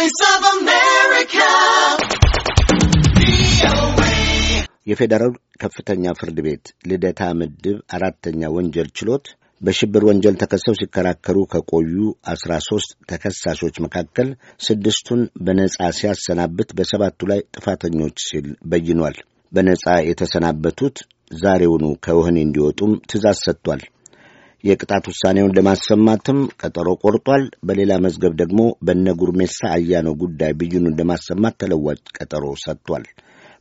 Voice of America. የፌዴራል ከፍተኛ ፍርድ ቤት ልደታ ምድብ አራተኛ ወንጀል ችሎት በሽብር ወንጀል ተከሰው ሲከራከሩ ከቆዩ አስራ ሶስት ተከሳሾች መካከል ስድስቱን በነጻ ሲያሰናብት በሰባቱ ላይ ጥፋተኞች ሲል በይኗል። በነጻ የተሰናበቱት ዛሬውኑ ከወህኒ እንዲወጡም ትእዛዝ ሰጥቷል። የቅጣት ውሳኔውን ለማሰማትም ቀጠሮ ቆርጧል። በሌላ መዝገብ ደግሞ በነ ጉርሜሳ አያነው ጉዳይ ብይኑን ለማሰማት ተለዋጭ ቀጠሮ ሰጥቷል።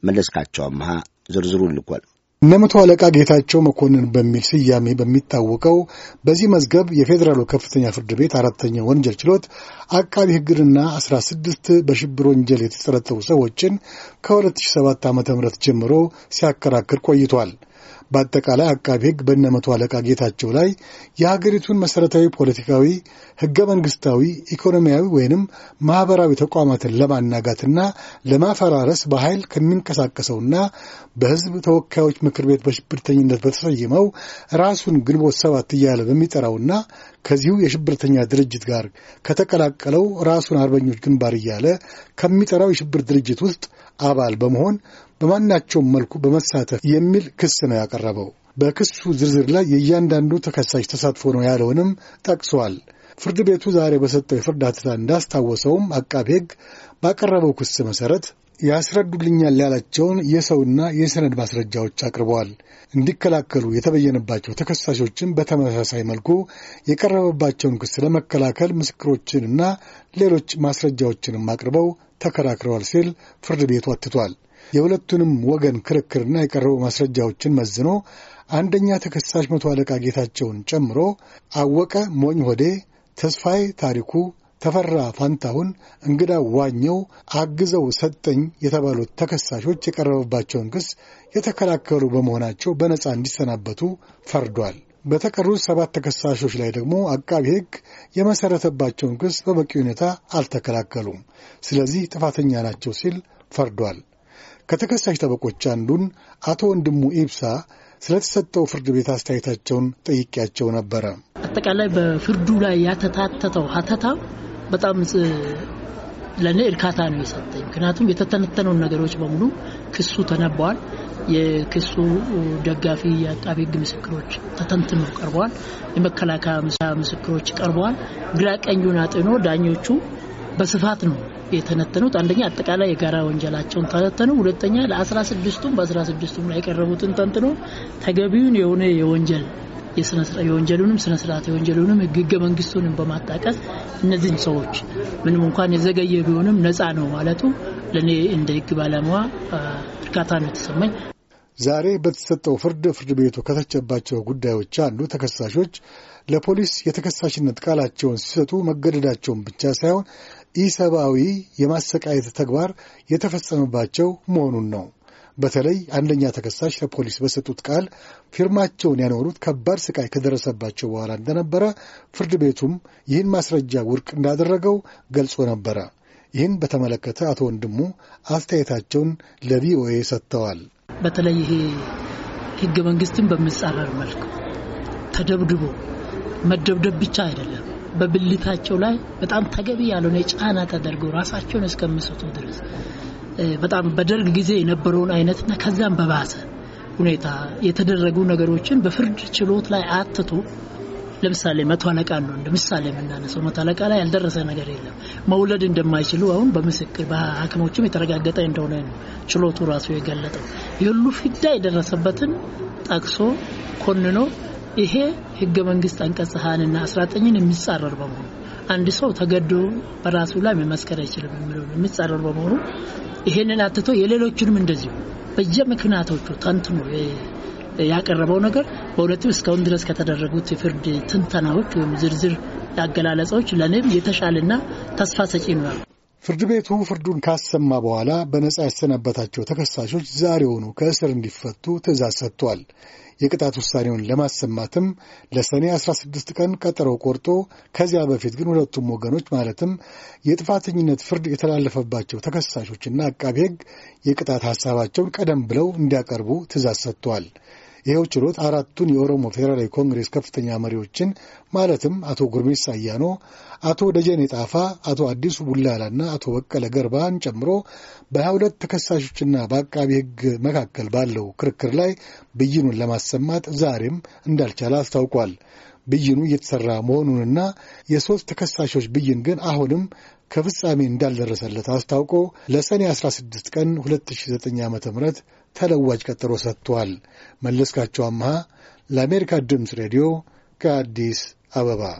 መለስካቸው አምሃ ዝርዝሩን ልኳል። እነ መቶ አለቃ ጌታቸው መኮንን በሚል ስያሜ በሚታወቀው በዚህ መዝገብ የፌዴራሉ ከፍተኛ ፍርድ ቤት አራተኛ ወንጀል ችሎት አቃቢ ሕግንና አስራ ስድስት በሽብር ወንጀል የተጠረጠሩ ሰዎችን ከ2007 ዓ ም ጀምሮ ሲያከራክር ቆይቷል። በአጠቃላይ አቃቢ ሕግ በእነ መቶ አለቃ ጌታቸው ላይ የሀገሪቱን መሠረታዊ ፖለቲካዊ፣ ህገ መንግሥታዊ፣ ኢኮኖሚያዊ ወይንም ማኅበራዊ ተቋማትን ለማናጋትና ለማፈራረስ በኃይል ከሚንቀሳቀሰውና በሕዝብ ተወካዮች ምክር ቤት በሽብርተኝነት በተሰየመው ራሱን ግንቦት ሰባት እያለ በሚጠራውና ከዚሁ የሽብርተኛ ድርጅት ጋር ከተቀላቀለው ራሱን አርበኞች ግንባር እያለ ከሚጠራው የሽብር ድርጅት ውስጥ አባል በመሆን በማናቸውም መልኩ በመሳተፍ የሚል ክስ ነው ያቀረበው። በክሱ ዝርዝር ላይ የእያንዳንዱ ተከሳሽ ተሳትፎ ነው ያለውንም ጠቅሷል። ፍርድ ቤቱ ዛሬ በሰጠው የፍርድ ሐተታ እንዳስታወሰውም አቃቤ ሕግ ባቀረበው ክስ መሠረት ያስረዱልኛል ያላቸውን የሰውና የሰነድ ማስረጃዎች አቅርበዋል። እንዲከላከሉ የተበየነባቸው ተከሳሾችን በተመሳሳይ መልኩ የቀረበባቸውን ክስ ለመከላከል ምስክሮችንና ሌሎች ማስረጃዎችንም አቅርበው ተከራክረዋል ሲል ፍርድ ቤቱ አትቷል። የሁለቱንም ወገን ክርክርና የቀረቡ ማስረጃዎችን መዝኖ አንደኛ ተከሳሽ መቶ አለቃ ጌታቸውን ጨምሮ አወቀ ሞኝ ሆዴ፣ ተስፋዬ ታሪኩ፣ ተፈራ ፋንታሁን፣ እንግዳ ዋኘው፣ አግዘው ሰጠኝ የተባሉት ተከሳሾች የቀረበባቸውን ክስ የተከላከሉ በመሆናቸው በነፃ እንዲሰናበቱ ፈርዷል። በተቀሩት ሰባት ተከሳሾች ላይ ደግሞ አቃቢ ሕግ የመሠረተባቸውን ክስ በበቂ ሁኔታ አልተከላከሉም። ስለዚህ ጥፋተኛ ናቸው ሲል ፈርዷል። ከተከሳሽ ጠበቆች አንዱን አቶ ወንድሙ ኢብሳ ስለተሰጠው ፍርድ ቤት አስተያየታቸውን ጠይቄያቸው ነበረ። አጠቃላይ በፍርዱ ላይ ያተታተተው ሀተታ በጣም ለእኔ እርካታ ነው የሰጠኝ። ምክንያቱም የተተነተነውን ነገሮች በሙሉ ክሱ ተነበዋል። የክሱ ደጋፊ የአቃቢ ሕግ ምስክሮች ተተንትኖ ቀርበዋል። የመከላከያ ምስክሮች ቀርበዋል። ግራ ቀኙን አጥኖ ዳኞቹ በስፋት ነው የተነተኑት አንደኛ አጠቃላይ የጋራ ወንጀላቸውን ተነተኑ፣ ሁለተኛ ለ 16 በ 16 ላይ የቀረቡትን ተንትኖ ተገቢውን የሆነ የወንጀል የወንጀሉንም ስነ ስርዓት የወንጀሉንም ህገ መንግስቱንም በማጣቀስ እነዚህን ሰዎች ምንም እንኳን የዘገየ ቢሆንም ነፃ ነው ማለቱ ለእኔ እንደ ህግ ባለሙያ እርካታ ነው የተሰማኝ። ዛሬ በተሰጠው ፍርድ ፍርድ ቤቱ ከተቸባቸው ጉዳዮች አንዱ ተከሳሾች ለፖሊስ የተከሳሽነት ቃላቸውን ሲሰጡ መገደዳቸውን ብቻ ሳይሆን ኢሰብአዊ የማሰቃየት ተግባር የተፈጸመባቸው መሆኑን ነው። በተለይ አንደኛ ተከሳሽ ለፖሊስ በሰጡት ቃል ፊርማቸውን ያኖሩት ከባድ ስቃይ ከደረሰባቸው በኋላ እንደነበረ፣ ፍርድ ቤቱም ይህን ማስረጃ ውድቅ እንዳደረገው ገልጾ ነበረ። ይህን በተመለከተ አቶ ወንድሙ አስተያየታቸውን ለቪኦኤ ሰጥተዋል። በተለይ ይሄ ህገ መንግስትን በሚጻረር መልኩ ተደብድቦ መደብደብ ብቻ አይደለም በብልታቸው ላይ በጣም ተገቢ ያልሆነ ጫና ተደርገው ራሳቸውን እስከሚሰጡ ድረስ በጣም በደርግ ጊዜ የነበረውን አይነትና ከዛም በባሰ ሁኔታ የተደረጉ ነገሮችን በፍርድ ችሎት ላይ አትቶ ለምሳሌ መቶ አለቃ ነው እንደ ምሳሌ የምናነሰው መቶ አለቃ ላይ ያልደረሰ ነገር የለም። መውለድ እንደማይችሉ አሁን በምስክር በሐኪሞችም የተረጋገጠ እንደሆነ ነው ችሎቱ ራሱ የገለጠው። የሁሉ ፊዳ የደረሰበትን ጠቅሶ ኮንኖ ይሄ ህገ መንግስት አንቀጽ 20ንና 19ን የሚጻረር በመሆኑ አንድ ሰው ተገዶ በራሱ ላይ መመስከር አይችልም የሚለው የሚጻረር በመሆኑ ይሄንን አትቶ የሌሎችንም እንደዚሁ በየምክንያቶቹ ተንትኖ ያቀረበው ነገር በእውነቱ እስካሁን ድረስ ከተደረጉት የፍርድ ትንተናዎች ወይም ዝርዝር ያገላለጾች ለእኔም የተሻለና ተስፋ ሰጪ ነው። ፍርድ ቤቱ ፍርዱን ካሰማ በኋላ በነጻ ያሰናበታቸው ተከሳሾች ዛሬውኑ ከእስር እንዲፈቱ ትእዛዝ ሰጥቷል። የቅጣት ውሳኔውን ለማሰማትም ለሰኔ 16 ቀን ቀጠሮ ቆርጦ ከዚያ በፊት ግን ሁለቱም ወገኖች ማለትም የጥፋተኝነት ፍርድ የተላለፈባቸው ተከሳሾችና አቃቤ ሕግ የቅጣት ሐሳባቸውን ቀደም ብለው እንዲያቀርቡ ትእዛዝ ሰጥቷል። ይኸው ችሎት አራቱን የኦሮሞ ፌዴራላዊ ኮንግሬስ ከፍተኛ መሪዎችን ማለትም አቶ ጉርሜሳ አያኖ፣ አቶ ደጀኔ ጣፋ፣ አቶ አዲሱ ቡላላና አቶ በቀለ ገርባን ጨምሮ በሀያ ሁለት ተከሳሾችና በአቃቢ ሕግ መካከል ባለው ክርክር ላይ ብይኑን ለማሰማት ዛሬም እንዳልቻለ አስታውቋል። ብይኑ እየተሰራ መሆኑንና የሶስት ተከሳሾች ብይን ግን አሁንም ከፍጻሜ እንዳልደረሰለት አስታውቆ ለሰኔ 16 ቀን 2009 ዓ ም ተለዋጭ ቀጠሮ ሰጥቷል። መለስካቸው አምሃ ለአሜሪካ ድምፅ ሬዲዮ ከአዲስ አበባ